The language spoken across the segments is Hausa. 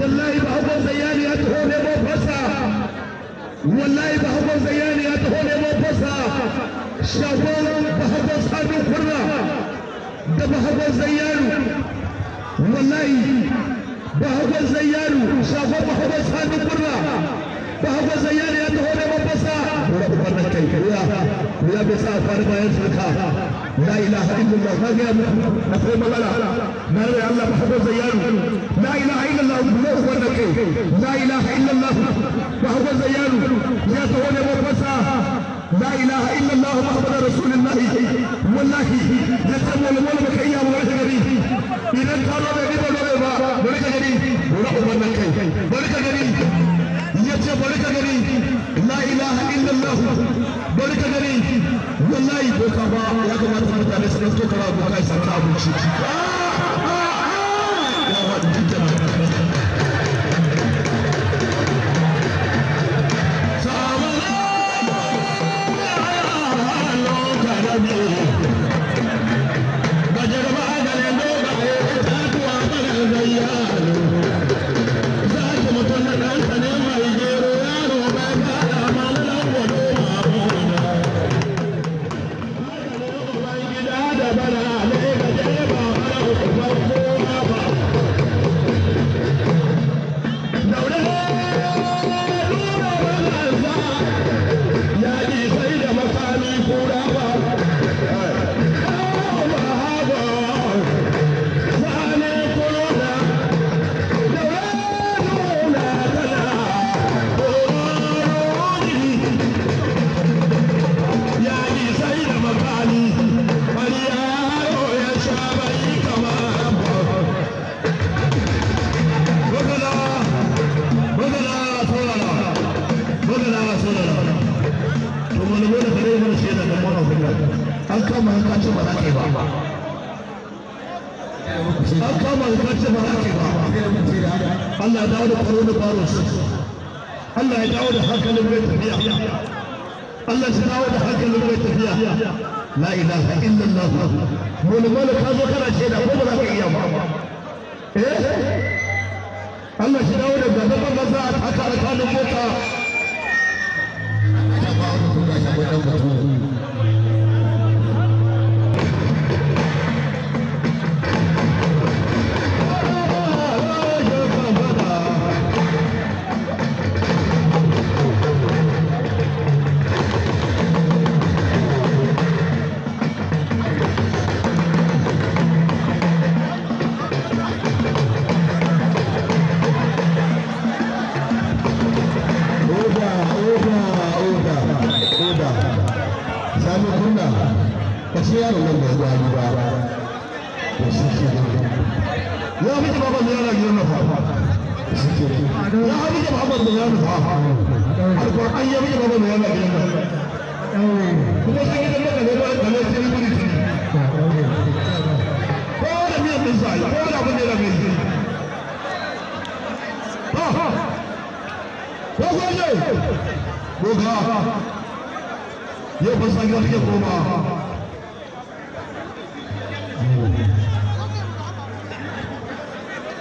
والله بحب زياني أدخل مو بسا والله بحب زياني أدخل مو بسا شوال بحب صادو قرى بحب زيانو والله بحب زيانو شوال بحب صادو قرى بحب زياني أدخل مو بسا ربنا كيف لبس فرمائش لکھا لا إله الا الله اللہ میں گیا مفہوم والا میں نے اللہ محبوب زیان لا إله الا اللہ بلو ہوا رکھے لا إله الا اللہ محبوب زیان یا تو نے وہ پسا لا إله الا اللہ محمد رسول اللہ والله يتم المول بكيا ورجع جديد إذا كانوا بيجوا بيجوا ورجع جديد ورحمة الله بركة جديد يتم بركة جديد la ilaha illallah bari ka gani wallahi ko ka ba ya kamata mutane su dauko kara ko kai an kama da kace Allah ya da da Allah ya dawo da hankalin mai tafiya Allah ya dawo da hankalin mai tafiya la ilaha illallah mulmul ka zo kana ce da ko ba za ka iya ba eh Allah ya dawo da gaba ba za a taka alƙalin mota shi yaro nan da zuwa gida ba da shi ke da ya fi jaba ban yana gidan na fafa ya fi jaba ban yana ban yana gidan na kuma sai gidan maka ne ba da sai wuri ciki ko da miyan din sa ko da abin da yana mai ha ko ko ne ko ga yau ban san gidan ke koma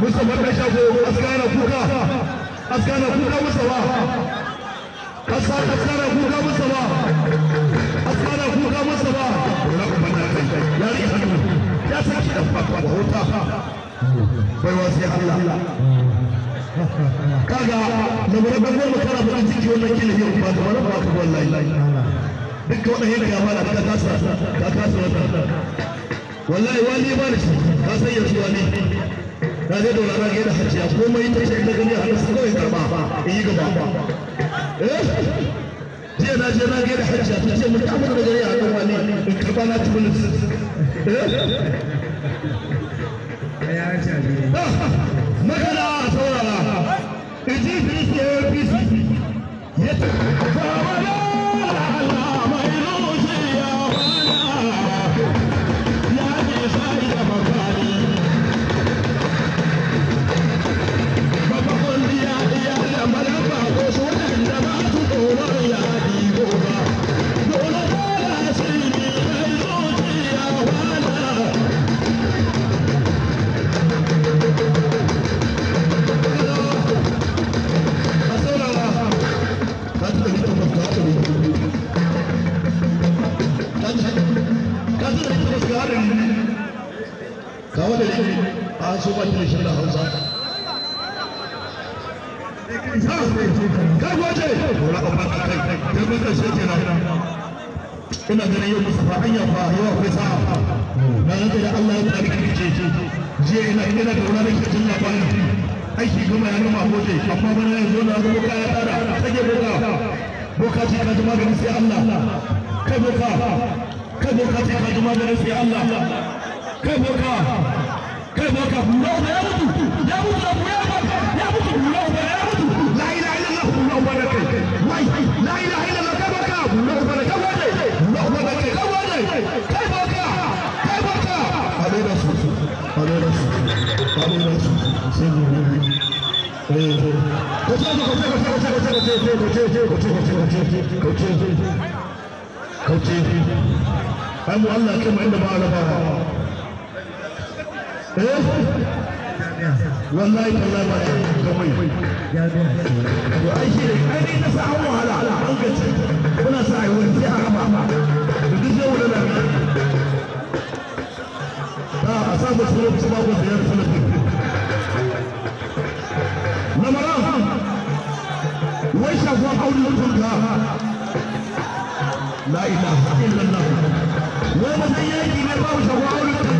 Mustapha ta shago askana kuka askana kuka Mustapha kasa askana kuka Mustapha askana kuka Mustapha ya ri hannu ya saki da fafa da hota bai wasu Allah kaga da barbar barba kana bakin ciki wannan kila yau ba da barba ka wallahi duk wannan yanka ba da ka kasa ka kasa wannan wallahi na zai da rana gaida komai ta ce na gani a nasu kawai karba in yi gaba eh? eh? ya ina ganin yau musafa fa na da Allah ya tsari ina ina da wani labarin aiki gama ya gama hoje amma na tsara boka boka ce ka ji sai Allah kai boka kai boka ce ka sai Allah kai boka kauce an mu Allah kai mai da ba ba wallahi wallahi ba ta kawai to ai shi ne ai ne na sa an wahala ala an gaci muna sa ai wani sai a raba ba to duk zai wuri nan ta a sa ba su lokaci ba ba biyar su lokaci lamara wai shafuwan aure mutum ka la ilaha illallah wai ba san yaki ne babu shafuwan aure mutum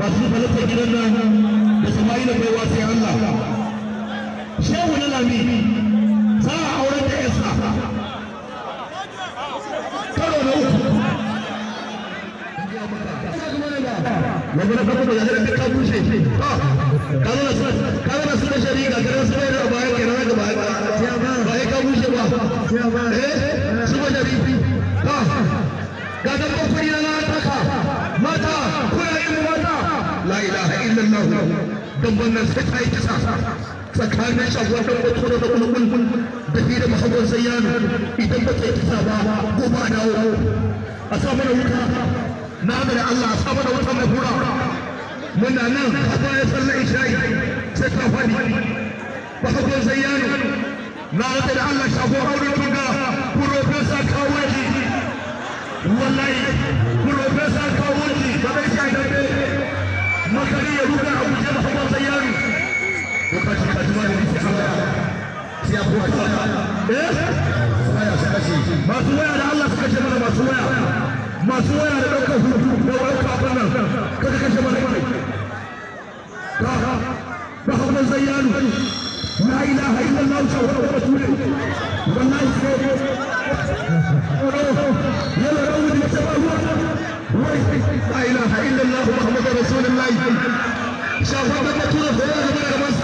da duka gidan nan allah shehu na lami za a karo na uku da ta ka zo da da shari'a ka zo da da دمبنا فتاي تساسا سكانة شوافة وطولة وطولة وطولة بهير محمد زيان إذا بطي تسابا قبانا أصابنا وطا نعمل الله أصابنا وطا مبورا من أنا أبا يصلى إشاي ستافاني محمد زيان نعمل الله شافوا أولوكا بروفيسا كاوالي والله بروفيسا كاوالي مكانية لغة أبو جبل wakati majumani nisikia si afuwa eh saya sakashi masu waya da Allah suka ce mana masu waya masu waya da daukar hutu da wayar abin nan kada kashe mana kai ka ba hawa zayyanu la ilaha illallah wa rasuluhu wallahi sai يلا روض يتباهوا لا إله إلا الله محمد رسول الله شافوا بطولة فلاح من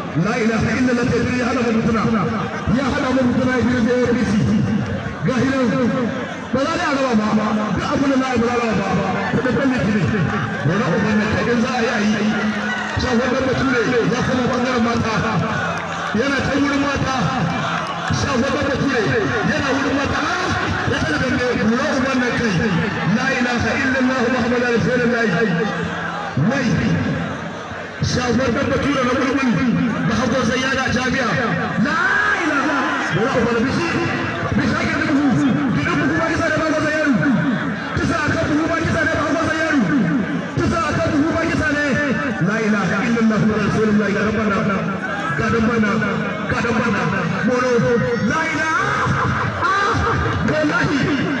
لا اله الا الله تدري يا هذا مبتنا يا هذا مبتنا في الجي بي سي غاهر بلا لا انا بابا ده ابو لا بلا لا بابا ده تلي كده ولا ابو ما تجن ذا اي اي شو هو ده بتولي يا سما بندر ماتا yana ta wurin mata sha gaba da ture yana wurin mata ya ta da ne kula uban na kai la ilaha illallah muhammadu rasulullah mai sha gaba da ture na gurgun da hajjar sai ya ga jami'a la ilaha wa la ilaha bishi bishi ga da ku ku da ku ba ki sare ba ga sayaru ki sa ka ku ba ki sare ba ga sayaru ki sa ka ku ba ki sare la ilaha illallah wa rasulullah ya rabbana ka da bana ka la ilaha ah ko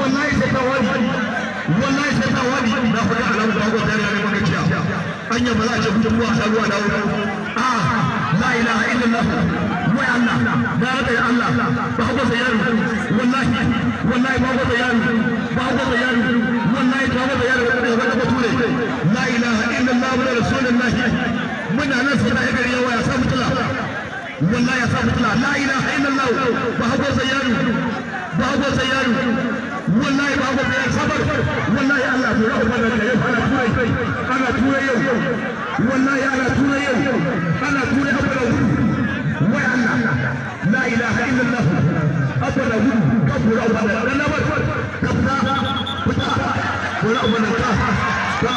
wallahi sai ta wari wallahi sai ta wari na fara alamu da hagu tare da maka ciya anya ba za a ce gudun ruwa sa ruwa da wuri a la ilaha illallah wai Allah da rada ya Allah ba hagu sai yaro wallahi wallahi ba hagu sai yaro ba hagu sai yaro wallahi ba hagu sai yaro da ba ta ture la ilaha illallah wa rasulullah muna nan ya samu ya samu wallahi ba ku biyar sabar wallahi Allah ku rahu mana da yau ana turai ana turai yau wallahi ana turai yau ana turai abu da gudu wai Allah la ilaha illallah abu da gudu ka ku rahu ka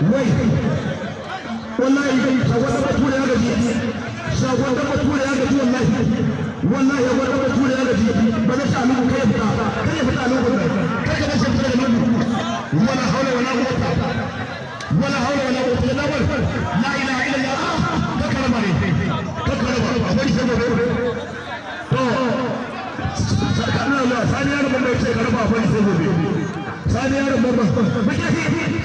wai wallahi dai shagon da bature ya gaji shagon da bature ya gaji wallahi wallahi ya gwada bature ya gaji ba zai sha muku kai fita kai ya fita lokacin kai ka dace fita da muku wala haula wala quwwata wala haula wala quwwata illa billah la ilaha illa allah ka karama ne ka karama a bari shagon to sakamakon sani ya rubuta ce karama a bari shagon sani ya rubuta ba ke